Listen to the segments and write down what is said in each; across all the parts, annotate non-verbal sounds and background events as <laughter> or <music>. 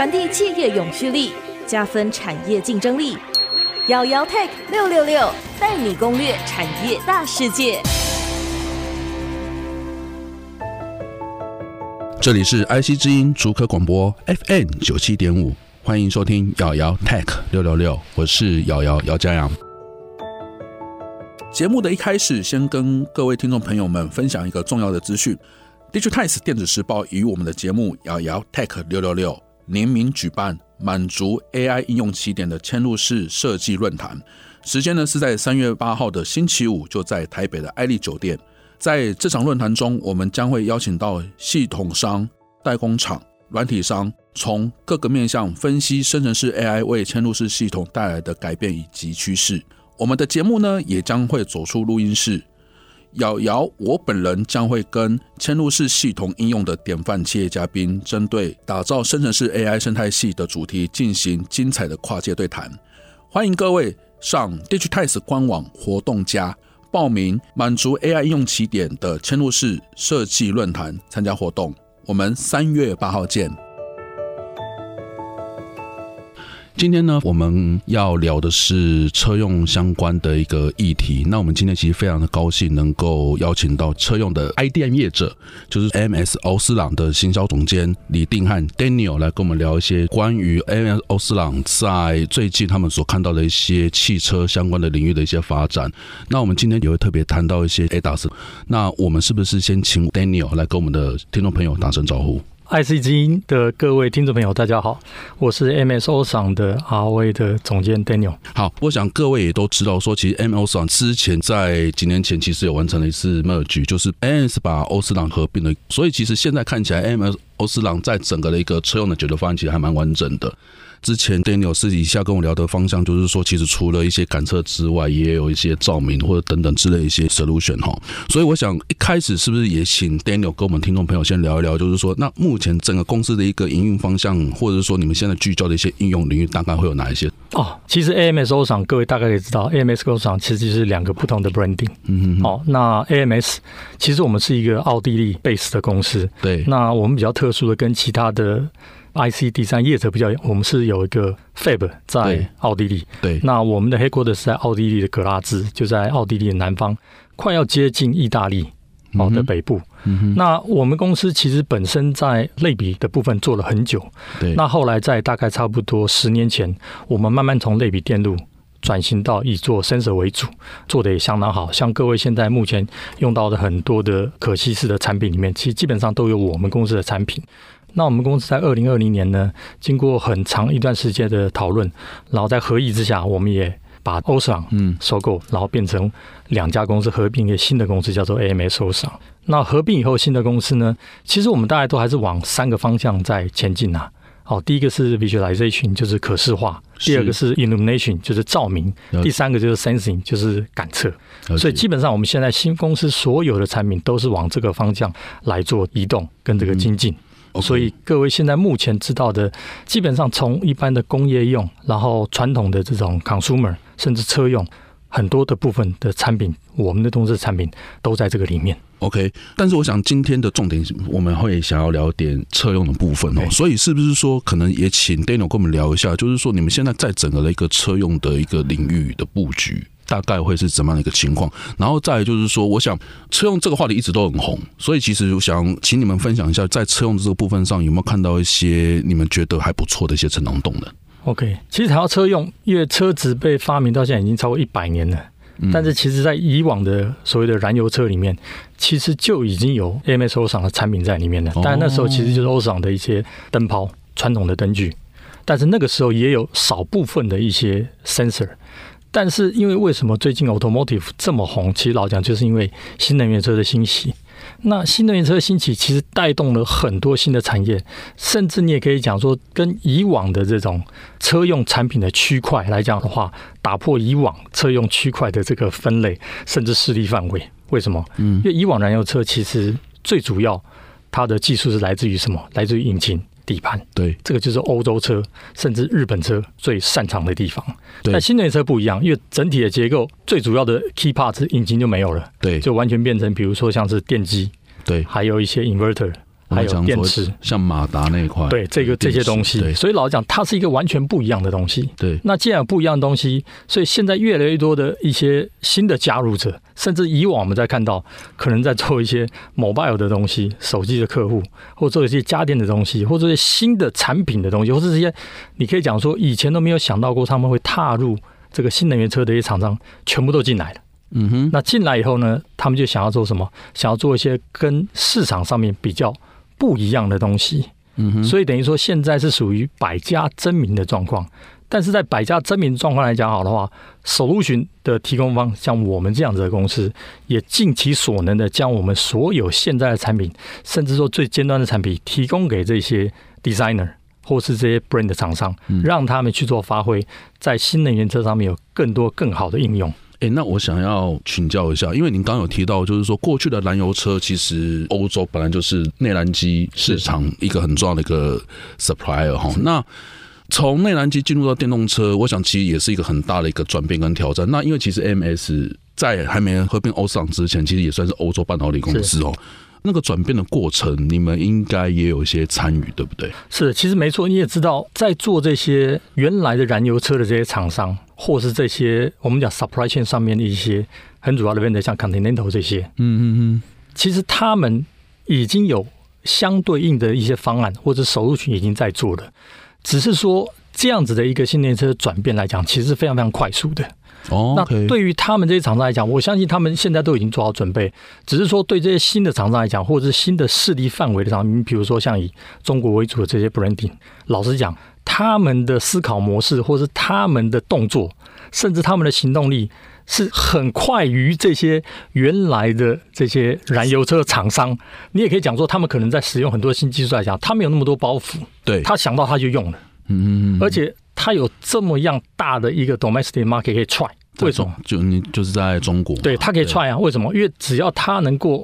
傳遞企業永續力，加分產業競爭力。姚姚 Tech 六六六帶你攻略產業大世界。這裡是 IC 之音竹科廣播 FM 九七點五，歡迎收聽姚姚 Tech 六六六，我是姚姚姚嘉洋。節目的一開始，先跟各位聽眾朋友們分享一個重要的資訊：DIGITIMES 電子時報與我們的節目姚姚 Tech 六六六。聯名舉辦滿足 AI 應用起點的嵌入式設計論壇，時間呢是在三月八號的星期五，就在台北的艾麗酒店。在這場論壇中，我們將會邀請到系統商、代工廠、軟體商，從各個面向分析生成式 AI 為嵌入式系統帶來的改變以及趨勢。我們的節目呢，也將會走出錄音室。瑤瑤，瑤瑤我本人將會跟嵌入式系統應用的典範企業嘉賓，針對打造生成式 AI 生態系的主題進行精彩的跨界對談。歡迎各位上 DIGITIMES 官網活動家報名，滿足 AI 應用起點的嵌入式設計論壇參加活動。我們三月八號見。今天呢，我們要聊的是車用相關的一個議題。那我們今天其實非常的高興，能夠邀請到車用的 IDM 業者，就是 ams 歐司朗的行銷總監李定翰 Daniel 來跟我們聊一些關於 ams 歐司朗在最近他們所看到的一些汽車相關的領域的一些發展。那我們今天也會特別談到一些 ADAS。那我們是不是先請 Daniel 來跟我們的聽眾朋友打聲招呼？IC g 的各位聽眾朋友，大家好，我是 MSO 上的阿威的總監 Daniel。好，我想各位也都知道，說其實 MSO 廠之前在幾年前其實有完成了一次 merge，就是 NS 把歐司朗合併了，所以其實現在看起來 MS 歐司朗在整個的一個車用的解決方案其實還蠻完整的。之前 Daniel 私下跟我聊的方向，就是說，其實除了一些感測之外，也有一些照明或者等等之類一些 solution。哈。所以我想一開始是不是也請 Daniel 跟我們聽眾朋友先聊一聊，就是說，那目前整個公司的一個營運方向，或者說你們現在聚焦的一些應用領域，大概會有哪一些？哦，其實 ams OSRAM，各位大概也知道，ams OSRAM 其實就是兩個不同的 branding。嗯嗯。哦，那 AMS 其實我們是一個奧地利 base 的公司。對。那我們比較特殊的跟其他的。IC 設計業者比較，我們是有一個 Fab 在奧地利，對。對那我們的 headquarters 是在奧地利的格拉茲，就在奧地利的南方，快要接近意大利的北部。嗯嗯、那我們公司其實本身在類比的部分做了很久，對那後來在大概差不多十年前，我們慢慢從類比電路轉型到以做 sensor 為主，做得也相當好。像各位現在目前用到的很多的可攜式的產品裡面，其實基本上都有我們公司的產品。對嗯那我們公司在二零二零年呢，經過很長一段時間的討論，然後在合議之下，我們也把歐司朗嗯收購，嗯、然後變成兩家公司合併一個新的公司，叫做 AMS 歐司朗。那合併以後，新的公司呢，其實我們大概都還是往三個方向在前進啊。好，第一個是 visualization，就是可視化；第二個是 illumination，就是照明；是第三個就是 sensing，嗯、就是感測。嗯、所以基本上我們現在新公司所有的產品都是往這個方向來做移動跟這個精進。嗯 Okay, 所以各位現在目前知道的，基本上從一般的工業用，然後傳統的這種 consumer，甚至車用，很多的部分的產品，我們的東西的產品都在這個裡面。OK，但是我想今天的重點我們會想要聊點車用的部分哦。Okay, 所以是不是說可能也請 Daniel 跟我們聊一下，就是說你們現在在整個的一個車用的一個領域的布局？大概會是怎麼樣的一個情況？然後再就是說，我想車用這個話題一直都很紅，所以其實我想請你們分享一下，在車用這個部分上，有沒有看到一些你們覺得還不錯的一些成長動能？OK，其實談到車用，因為車子被發明到現在已經超過一百年了，嗯、但是其實，在以往的所謂的燃油車裡面，其實就已經有 AMS 歐司朗的產品在裡面了，哦、但那時候其實就是歐司朗的一些燈泡、傳統的燈具，但是那個時候也有少部分的一些 sensor。但是，因為為什麼最近 automotive 這麼紅？其實老講就是因為新能源車的興起。那新能源車興起，其實帶動了很多新的產業，甚至你也可以講說，跟以往的這種車用產品的區塊來講的話，打破以往車用區塊的這個分類甚至勢力範圍。為什麼？嗯，因為以往燃油車其實最主要它的技術是來自於什麼？來自於引擎。底盤，對，這個就是歐洲車甚至日本車最擅長的地方。對，但新能源車不一樣，因為整體的結構最主要的 key part 是引擎就沒有了，對，就完全變成比如說像是電機，對，還有一些 inverter。還有電池，像馬達那塊，對，這個這些東西，所以老實講，它是一個完全不一樣的東西。對，那既然有不一樣的東西，所以現在越來越多的一些新的加入者，甚至以往我們在看到可能在做一些 mobile 的東西、手機的客戶，或做一些家電的東西，或者新的產品的東西，或者這些你可以講說以前都沒有想到過他們會踏入這個新能源車的一些廠商，全部都進來了。嗯哼，那進來以後呢，他們就想要做什麼？想要做一些跟市場上面比較。不一樣的東西，嗯哼，所以等於說現在是屬於百家爭鳴的狀況。但是在百家爭鳴狀況來講，好的話，Solution 的提供方，像我們這樣子的公司，也盡其所能的將我們所有現在的產品，甚至說最尖端的產品，提供給這些 designer 或是這些 brand 廠商，嗯，讓他們去做發揮，在新能源車上面有更多更好的應用。哎，欸，那我想要請教一下，因為您剛有提到，就是說，過去的燃油車其實歐洲本來就是內燃機市場一個很重要的一個 supplier 哈。是。那從內燃機進入到電動車，我想其實也是一個很大的一個轉變跟挑戰。那因為其實 AMS 在還沒合併歐司朗之前，其實也算是歐洲半導體公司哦。是是那個轉變的過程，你們應該也有一些參與，對不對？是，其實沒錯。你也知道，在做這些原來的燃油車的這些廠商，或是這些我們講 supply chain 上面的一些很主要的 brand 像 Continental 這些，嗯嗯嗯，其實他們已經有相對應的一些方案，或者手入群已經在做了，只是說。這樣子的一個新能源車的轉變來講，其實是非常非常快速的。哦，Okay. 那對於他們這些廠商來講，我相信他們現在都已經做好準備，只是說對這些新的廠商來講，或者是新的勢力範圍的廠商，你比如說像以中國為主的這些 branding。老實講，他們的思考模式，或是他們的動作，甚至他們的行動力，是很快於這些原來的這些燃油車廠商。你也可以講說，他們可能在使用很多新技術來講，他們沒有那麼多包袱，對，他想到他就用了。嗯，而且它有這麼樣大的一個 domestic market 可以 try，中為什麼？就你就是在中國，對，它可以 try 啊？對為什麼？因為只要它能過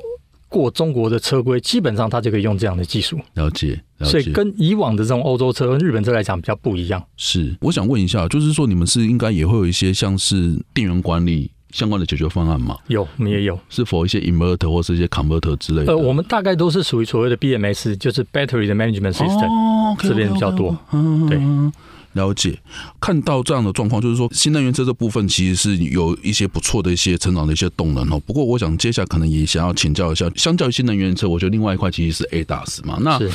過中國的車規，基本上它就可以用這樣的技術。了解，了解。所以跟以往的這種歐洲車跟日本車來講比較不一樣。是，我想問一下，就是說你們是應該也會有一些像是電源管理相關的解決方案嗎？有，我們也有。是否一些 inverter 或是一些 converter 之類的？呃，我們大概都是屬於所謂的 BMS，就是 battery 的 management system。這邊比較多，嗯，okay, okay. 對，了解。看到這樣的狀況，就是說新能源車這部分其實是有一些不錯的一些成長的一些動能哦。不過，我想接下來可能也想要請教一下，相較於新能源車，我覺得另外一塊其實是 ADAS 嘛。那。是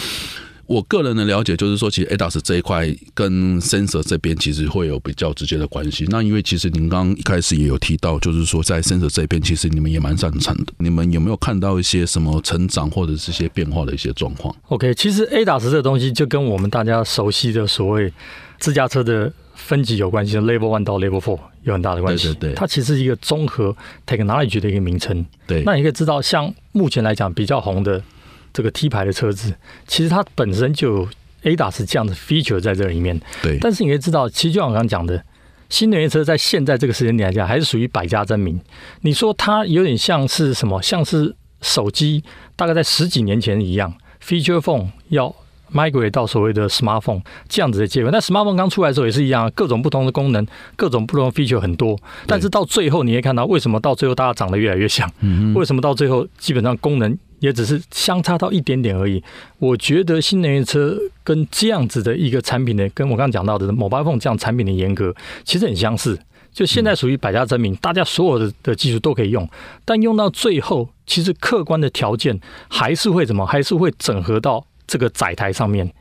我個人的了解就是說，其實 ADAS 這一塊跟 Sensor 這邊其實會有比較直接的關係。那因為其實您剛剛一開始也有提到，就是說在 Sensor 這邊，其實你們也蠻擅長的。你們有沒有看到一些什麼成長或者這些變化的一些狀況？OK，其實 ADAS 這個東西就跟我們大家熟悉的所謂自駕車的分級有關係，Level One 到 Level Four 有很大的關係。對,對對，它其實是一個綜合 Technology 的一個名稱。對，那你可以知道，像目前來講比較紅的。這個 T 牌的車子，其實它本身就 Ada 是這樣子 feature 在這裡面。對。但是你可以知道，其實就像我剛剛講的，新能源車在現在這個時間點來講，還是屬於百家爭鳴。你說它有點像是什麼？像是手機，大概在十幾年前一樣對，feature phone 要 migrate 到所謂的 smartphone 這樣子的結果，但 smartphone 剛出來的時候也是一樣，各種不同的功能，各種不同的 feature 很多。但是到最後，你也看到為什麼到最後大家長得越來越像？對為什麼到最後基本上功能，也只是相差到一點點而已。我覺得新能源車跟這樣子的一個產品的，跟我剛講到的 mobile phone 這樣產品的嚴格，其實很相似。就現在屬於百家爭鳴，嗯、大家所有的的技術都可以用，但用到最後，其實客觀的條件還是會怎麼，還是會整合到這個載台上面。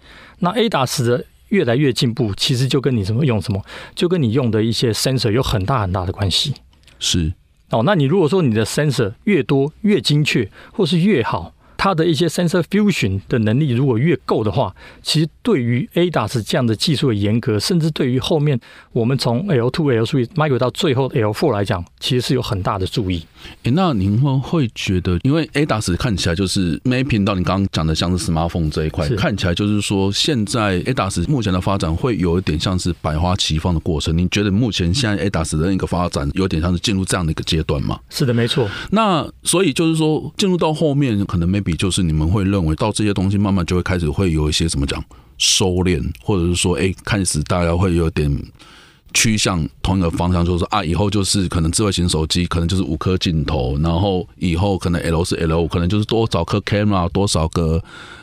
那 ADAS 越來越進步，其實就跟你什麼用什麼，就跟你用的一些 sensor 有很大很大的關係。是。哦，那你如果說你的 sensor 越多越精確，或是越好，它的一些 sensor fusion 的能力，如果越夠的話，其實對於 ADAS 這樣的技術的嚴格，甚至對於後面我們從 L two L three Micro 到最後的 L four 來講，其實是有很大的助益。哎、欸，那您會會覺得，因為 ADAS 看起來就是 mapping 到你剛剛講的，像是 Smartphone 這一塊，是看起來就是說，現在 ADAS 目前的發展會有一點像是百花齊放的過程。您覺得目前現在 ADAS 的那個發展，有點像是進入這樣的一個階段嗎？是的，沒錯。那所以就是說，進入到後面可能沒。就是你們會認為到這些東西，慢慢就會開始會有一些怎麼講收斂，或者是說，哎，開始大家會有點趨向同一個方向，就是說啊，以後就是可能智慧型手機可能就是五顆鏡頭，然後以後可能 L 四 L 五，可能就是多少顆 camera，多少個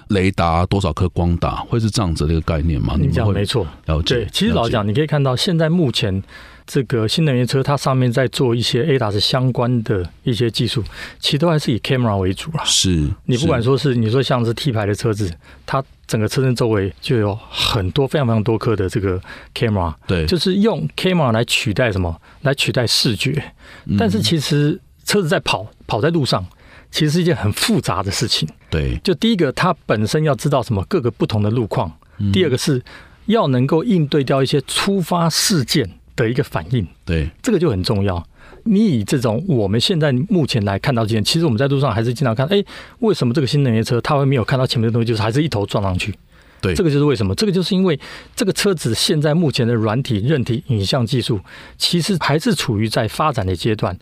雷達，多少顆光達，會是這樣子的一個概念嗎？你講沒錯。了解，其實老實講，你可以看到現在目前，這個新能源車，它上面在做一些 ADAS 相關的一些技術，其實都還是以 camera 為主啊。是，你不管說是你說像是 T 牌的車子，它整個車身周圍就有很多非常非常多顆的這個 camera。對，就是用 camera 來取代什麼，來取代視覺。但是其實車子在跑，嗯、跑在路上，其實是一件很複雜的事情。對，就第一個，它本身要知道什麼各個不同的路況；第二個是要能夠應對掉一些突發事件。的一個反應，對這個就很重要。你以這種我們現在目前來看到這些其實我們在路上還是經常看，哎、欸，為什麼這個新能源車它會沒有看到前面的東西，就是還是一頭撞上去？對，這個就是為什麼，這個就是因為這個車子現在目前的軟體、韌體影像技術，其實還是處於在發展的階段。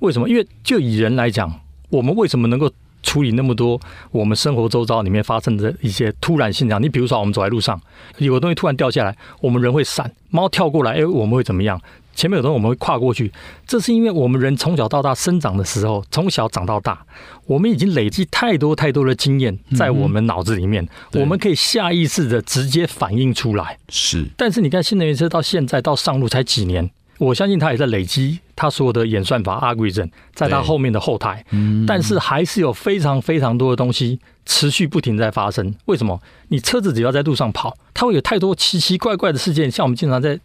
為什麼？因為就以人來講，我們為什麼能夠？處理那麼多我們生活周遭裡面發生的一些突然現象？你比如說我們走在路上，有個東西突然掉下來，我們人會閃，貓跳過來，誒、欸，我們會怎麼樣？前面有東西，我們會跨過去。這是因為我們人從小到大生長的時候，從小長到大，我們已經累積太多太多的經驗在我們腦子裡面，嗯嗯，我們可以下意識的直接反應出來。是，但是你看新能源車到現在到上路才幾年，我相信它也在累積。他所有的演算法 algorithm，對在他後面的後台，嗯、但是還是有非常非常多的東西持續不停在發生。為什麼？你車子只要在路上跑，它會有太多奇奇怪怪的事件，像我們經常在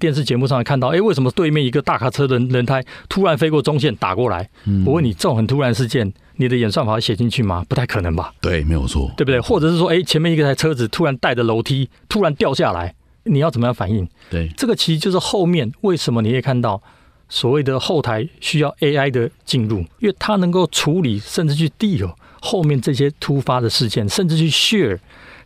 電視節目上看到。誒，為什麼對面一個大卡車的輪胎突然飛過中線打過來？嗯、我問你，這種很突然事件，你的演算法要寫進去嗎？不太可能吧？對，沒有錯，對不對？或者是說，誒，前面一個台車子突然帶着樓梯突然掉下來，你要怎麼樣反應？對，這個其實就是後面為什麼你會看到。所謂的後台需要 AI 的進入，因為它能夠處理，甚至去 deal 後面這些突發的事件，甚至去 share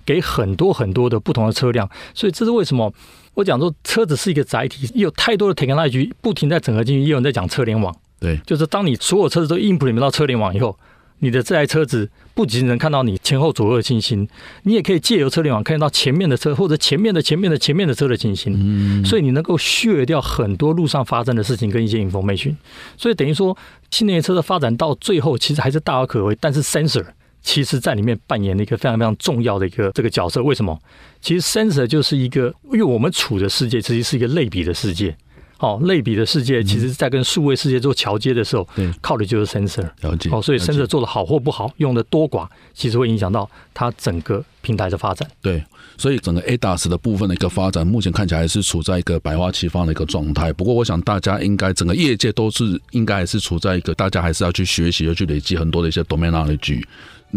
給很多很多的不同的車輛。所以這是為什麼我講說車子是一個載體，有太多的 technology 不停在整合進去，也有人在講車聯網，對，就是當你所有車子都 implement 到車聯網以後，你的這台車子。不僅能看到你前後左右的情形，你也可以借由車聯網看到前面的車或者前面的前面的前面的車的情形。嗯，所以你能夠 share 掉很多路上發生的事情跟一些 information。所以等於說，新能源車的發展到最後，其實還是大有可為。但是 sensor 其實在裡面扮演了一個非常非常重要的一個這個角色。為什麼？其實 sensor 就是一個，因為我們處的世界其實是一個類比的世界。哦，類比的世界其實在跟數位世界做橋接的時候，對、嗯，靠的就是 sensor、嗯。了解，了解。哦，所以 sensor 做的好或不好，用的多寡，其實會影響到它整個平台的發展。對，所以整個 ADAS 的部分的一個發展，目前看起來還是處在一個百花齊放的一個狀態。不過，我想大家應該整個業界都是應該還是處在一個大家還是要去學習，要去累積很多的一些 domain knowledge。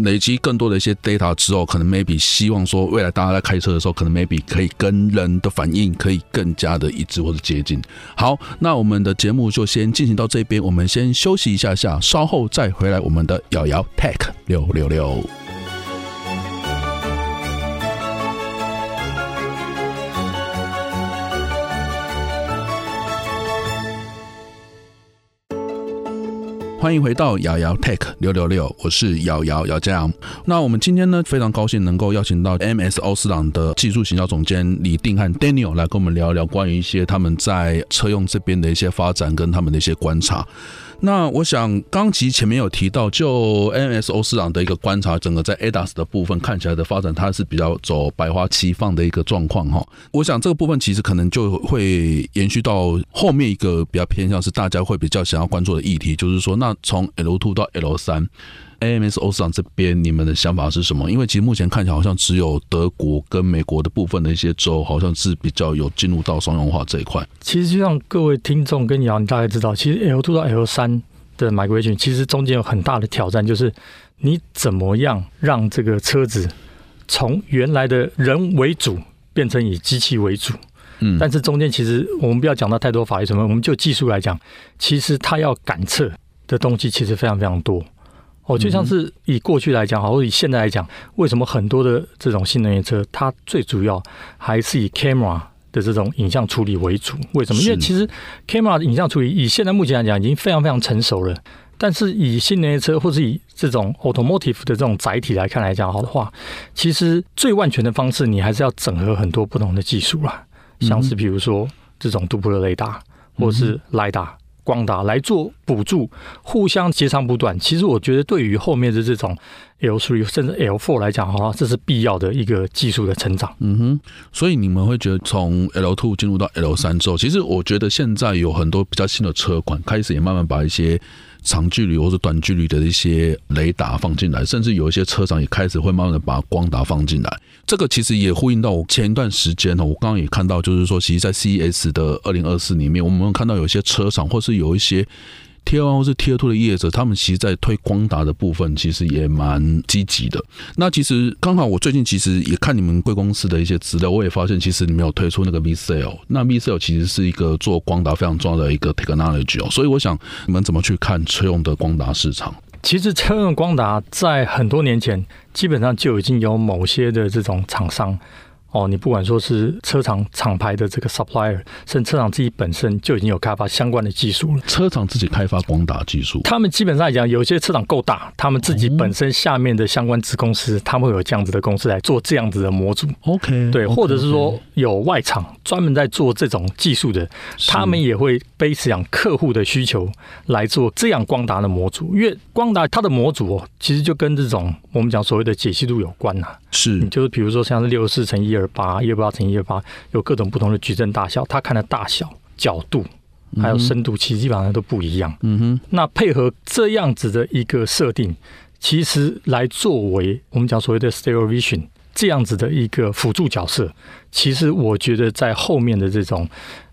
累積更多的一些 data 之後，可能 maybe 希望說未來大家在開車的時候，可能 maybe 可以跟人的反應可以更加的一致或者接近。好，那我們的節目就先進行到這邊，我們先休息一下下，稍後再回來我們的姚姚 Tech 六六六。歡迎回到姚姚 Tech 666，我是姚姚姚嘉洋。那我們今天呢，非常高興能夠邀請到 MS 歐司朗的技術行銷總監李定翰 Daniel 來跟我們聊一聊關於一些他們在車用這邊的一些發展跟他們的一些觀察。那我想，剛其實前面有提到，就 M S O 市場的一個觀察，整個在 A D A S 的部分看起來的發展，它是比較走百花齊放的一個狀況哈、哦。我想這個部分其實可能就會延續到後面一個比較偏向是大家會比較想要關注的議題，就是說，那從 L Two 到 L 三。A M S 歐司朗這邊，你們的想法是什麼？因為其實目前看起來，好像只有德國跟美國的部分的一些州，好像是比較有進入到商用化這一塊。其實，就像各位聽眾跟姚，你大概知道，其實 L two 到 L 三的 migration，其實中間有很大的挑戰，就是你怎麼樣讓這個車子從原來的人為主變成以機器為主。嗯，但是中間其實我們不要講到太多法律什麼，我們就技術來講，其實它要感測的東西其實非常非常多。哦，就像是以過去來講，或者以現在來講，為什麼很多的這種新能源車，它最主要還是以 camera 的這種影像處理為主？為什麼？因為其實 camera 的影像處理以現在目前來講已經非常非常成熟了。但是以新能源車，或是以這種 automotive 的這種載體來看來講，好的話，其實最萬全的方式，你還是要整合很多不同的技術啦，像是比如說這種都卜勒雷達，或是 lidar。光達來做補助，互相截長補短。其實我覺得，對於後面的這種 L3 甚至 L4 來講，哈，這是必要的一個技術的成長。嗯哼，所以你們會覺得從 L2 進入到 L3 之後，嗯、其實我覺得現在有很多比較新的車款開始也慢慢把一些。長距離或者短距離的一些雷達放進來，甚至有一些車廠也開始會慢慢的把光達放進來。這個其實也呼應到我前一段時間呢，我剛剛也看到，就是說，其實在 CES 的二零二四裡面，我們看到有些車廠或是有一些。T1O 是 T2 的業者，他們其實在推光達的部分，其實也蠻積極的。那其實剛好我最近其實也看你們貴公司的一些資料，我也發現其實你們有推出那個 VCSEL 那 VCSEL 其實是一個做光達非常重要的一個 technology 哦。所以我想你們怎麼去看車用的光達市場？其實車用光達在很多年前，基本上就已經有某些的這種廠商。哦，你不管說是車廠廠牌的這個 supplier，甚至車廠自己本身就已經有開發相關的技術了。車廠自己開發光達技術，他們基本上來講，有些車廠夠大，他們自己本身下面的相關子公司，哦、他們會有這樣子的公司來做這樣子的模組。OK，對，okay, 或者是說有外廠專門在做這種技術的，是他們也會 base 客戶的需求來做這樣光達的模組。因為光達它的模組哦，其實就跟這種我們講所謂的解析度有關吶、啊，是，就是比如說像是六十四乘一二。把128乘128，有各種不同的矩陣大小，它看的大小、角度還有深度，其實基本上都不一樣。嗯哼，那配合這樣子的一個設定，其實來作為我們講所謂的 stereo vision 這樣子的一個輔助角色，其實我覺得在後面的這種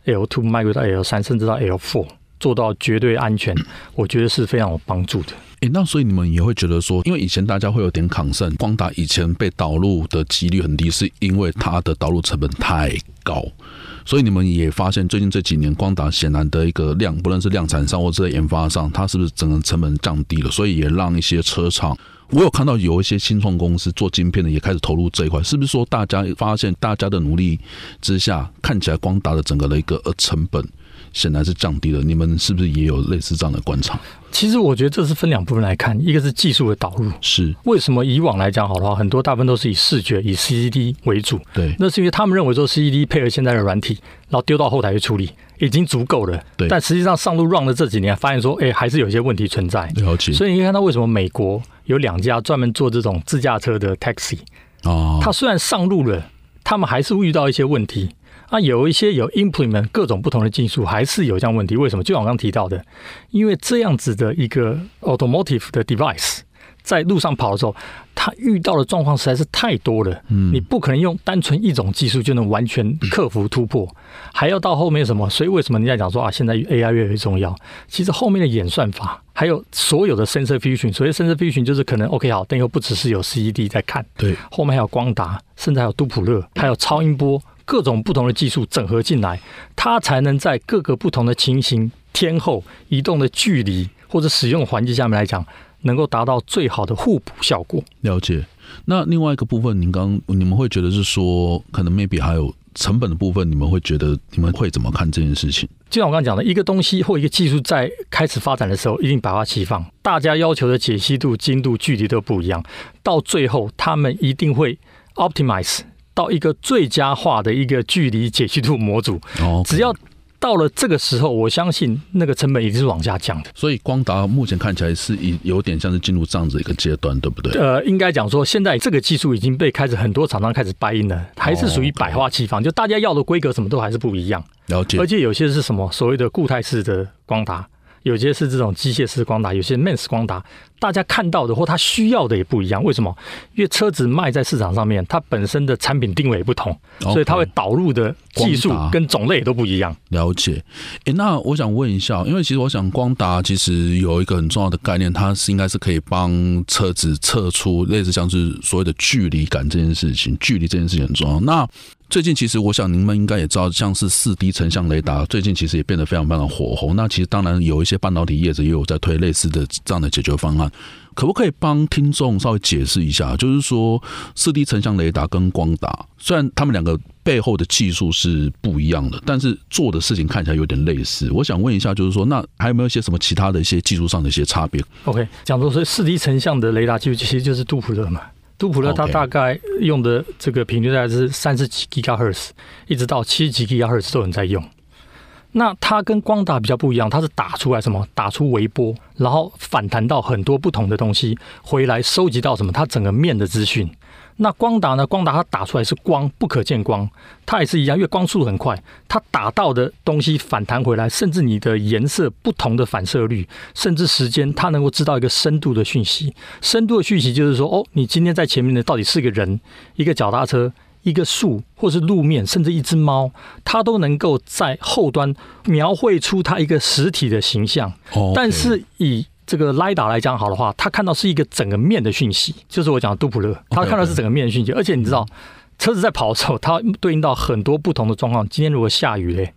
L two、邁入到 L 三，甚至到 L four。做到絕對安全，我覺得是非常有幫助的。誒、欸，那所以你們也會覺得說，因為以前大家會有點抗性，光達以前被導入的幾率很低，是因為它的導入成本太高。 <laughs> 所以你們也發現最近這幾年，光達顯然的一個量，不論是量產上或者研發上，它是不是整個成本降低了？所以也讓一些車廠，我有看到有一些新創公司做晶片的也開始投入這一塊，是不是說大家發現大家的努力之下，看起來光達的整個的一個成本？顯然是降低了，你們是不是也有類似這樣的觀察？其實我覺得這是分兩部分來看，一個是技術的導入，是為什麼以往來講好的話，很多大部分都是以視覺以 C C D 為主，對，那是因為他們認為說 C C D 配合現在的軟體，然後丟到後台去處理已經足夠了，對。但實際上上路 run 了這幾年，發現說哎、欸、還是有一些問題存在，所以你可以看到為什麼美國有兩家專門做這種自駕車的 taxi 哦？他雖然上路了，他們還是遇到一些問題。啊，有一些有 implement 各種不同的技術，還是有這樣問題。為什麼？就像我剛剛提到的，因為這樣子的一個 automotive 的 device 在路上跑的時候，它遇到的狀況實在是太多了。嗯，你不可能用單純一種技術就能完全克服突破，嗯、還要到後面什麼？所以為什麼人家講說啊，現在 AI 越來越重要？其實後面的演算法，還有所有的 sensor fusion，所謂 sensor fusion 就是可能 OK 好，但又不只是有 CD 在看，對，後面還有光達，甚至還有杜普勒，還有超音波。各種不同的技術整合進來，它才能在各個不同的情形、天候移動的距離或者使用環境下面來講，能夠達到最好的互補效果。了解。那另外一個部分，您剛剛你們會覺得是說，可能 maybe 還有成本的部分，你們會覺得你們會怎麼看這件事情？就像我剛才講的，一個東西或一個技術在開始發展的時候，一定百花齊放，大家要求的解析度、精度、距離都不一樣，到最後他們一定會 optimize。到一個最佳化的一個距離解析度模組，Okay. 只要到了這個時候，我相信那個成本已經是往下降的。所以光達目前看起來是有點像是進入這樣子一個階段，對不對？呃，應該講說，現在這個技術已經被開始很多廠商開始 buy in 了，還是屬於百花齊放，Okay. 就大家要的規格什麼都還是不一樣。了解，而且有些是什麼所謂的固態式的光達。有些是這種機械式光達，有些 MEMS 光達，大家看到的或他需要的也不一樣。為什麼？因為車子賣在市場上面，它本身的產品定位也不同，所以它會導入的技術跟種類都不一樣。Okay. 了解。哎、欸，那我想問一下，因為其實我想，光達其實有一個很重要的概念，它是應該是可以幫車子測出類似像是所謂的距離感這件事情。距離這件事情很重要。那最近其實，我想你們應該也知道，像是四 D 成像雷達，最近其實也變得非常非常火紅。那其實當然有一些半導體業者也有在推類似的這樣的解決方案。可不可以幫聽眾稍微解釋一下，就是說四 D 成像雷達跟光達，雖然他們兩個背後的技術是不一樣的，但是做的事情看起來有點類似。我想問一下，就是說那還有沒有一些什麼其他的一些技術上的一些差別？OK，講所以四 D 成像的雷達技術，其實就是都卜勒的嘛。杜普勒它大概用的這個頻率大概是三十幾吉赫茲，一直到七十幾吉赫茲都有人在用。那它跟光達比較不一樣，它是打出來什麼？打出微波，然後反彈到很多不同的東西回來，收集到什麼？它整個面的資訊。那光達呢？光達它打出來是光，不可見光，它也是一樣，因為光速很快，它打到的東西反彈回來，甚至你的顏色不同的反射率，甚至時間，它能夠知道一個深度的訊息。深度的訊息就是說，哦，你今天在前面的到底是個人、一個腳踏車、一個樹，或是路面，甚至一隻貓，它都能夠在後端描繪出它一個實體的形象。但是以這個雷達來講好的話，它看到是一個整個面的訊息，就是我講的杜普勒，它看到是整個面的訊息。Okay, okay. 而且你知道，車子在跑的時候，它對應到很多不同的狀況。今天如果下雨嘞，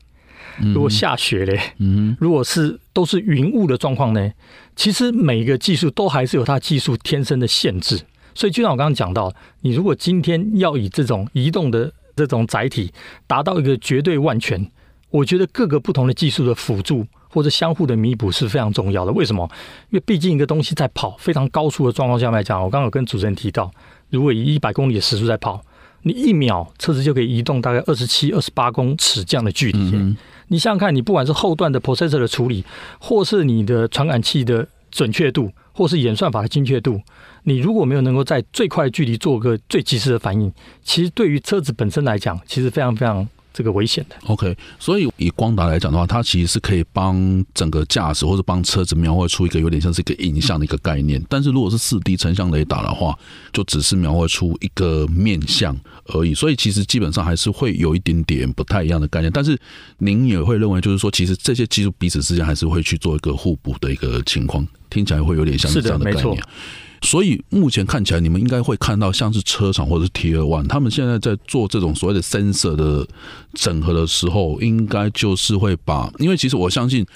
嗯、如果下雪嘞，嗯、如果是都是雲霧的狀況呢？其實每一個技術都還是有它技術天生的限制。所以就像我剛剛講到，你如果今天要以這種移動的這種載體達到一個絕對萬全，我覺得各個不同的技術的輔助。或者相互的彌補是非常重要的。為什麼？因為畢竟一個東西在跑，非常高速的狀況下來講，我剛剛有跟主持人提到，如果以一百公里的時速在跑，你一秒車子就可以移動大概二十七、二十八公尺這樣的距離。嗯、你想想看，你不管是後段的 processor 的處理，或是你的傳感器的準確度，或是演算法的精確度，你如果沒有能夠在最快的距離做個最及時的反應，其實對於車子本身來講，其實非常非常。這個危險的。OK，所以以光達來講的話，它其實是可以幫整個駕駛或者幫車子描繪出一個有點像是一個影像的一個概念。嗯，但是如果是四 D 成像雷達的話，就只是描繪出一個面向而已。所以其實基本上還是會有一點點不太一樣的概念。但是您也會認為，就是說，其實這些技術彼此之間還是會去做一個互補的一個情況。聽起來會有點像是這樣的概念。所以目前看起來，你們應該會看到像是車廠或者是 Tier One，他們現在在做這種所謂的 sensor 的整合的時候，應該就是會把，因為其實我相信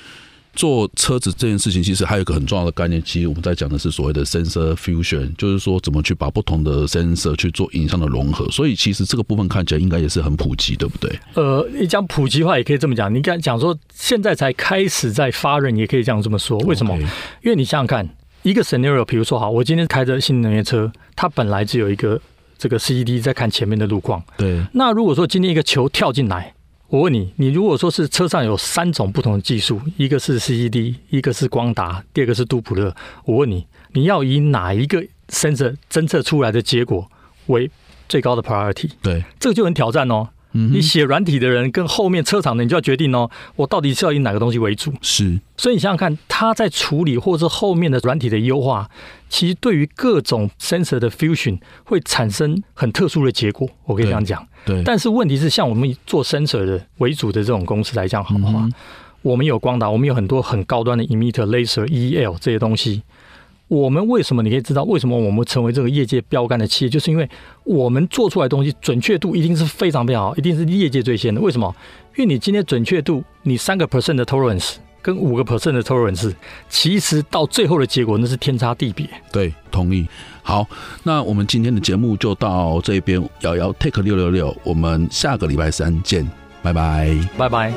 做車子這件事情，其實還有一個很重要的概念，其實我們在講的是所謂的 sensor fusion，就是說怎麼去把不同的 sensor 去做影像的融合。所以其實這個部分看起來應該也是很普及，對不對？呃，你講普及化也可以這麼講，你講講說現在才開始在發軔，也可以這樣這麼說。為什麼？Okay. 因為你想想看。一個 scenario，比如說哈，我今天開着新能源車，它本來只有一個這個 CCD 在看前面的路況。對。那如果說今天一個球跳進來，我問你，你如果說是車上有三種不同的技術，一個是 CCD，一個是光達，第二個是杜普勒，我問你，你要以哪一個 sensor 偵測出來的結果為最高的 priority？對，這個就很挑戰哦。你寫軟體的人跟後面車廠的人就要決定哦，我到底是要以哪個東西為主？是，所以你想想看，他在處理或者後面的軟體的優化，其實對於各種 sensor 的 fusion 會產生很特殊的結果。我可以這樣講，對。但是問題是，像我們做 sensor 的為主的這種公司來講，好不好？嗯、哼我們有光達，我們有很多很高端的 emitter laser（EL） 這些東西。我們為什麼？你可以知道為什麼我們成為這個業界標杆的企業，就是因為我們做出來的東西準確度一定是非常非常好，一定是業界最先的。為什麼？因為你今天準確度，你三個 percent 的 tolerance 跟五個 percent 的 tolerance，其實到最後的結果那是天差地別。對，同意。好，那我們今天的節目就到這邊。姚姚 Tech 666，我們下個禮拜三見，拜拜，拜拜。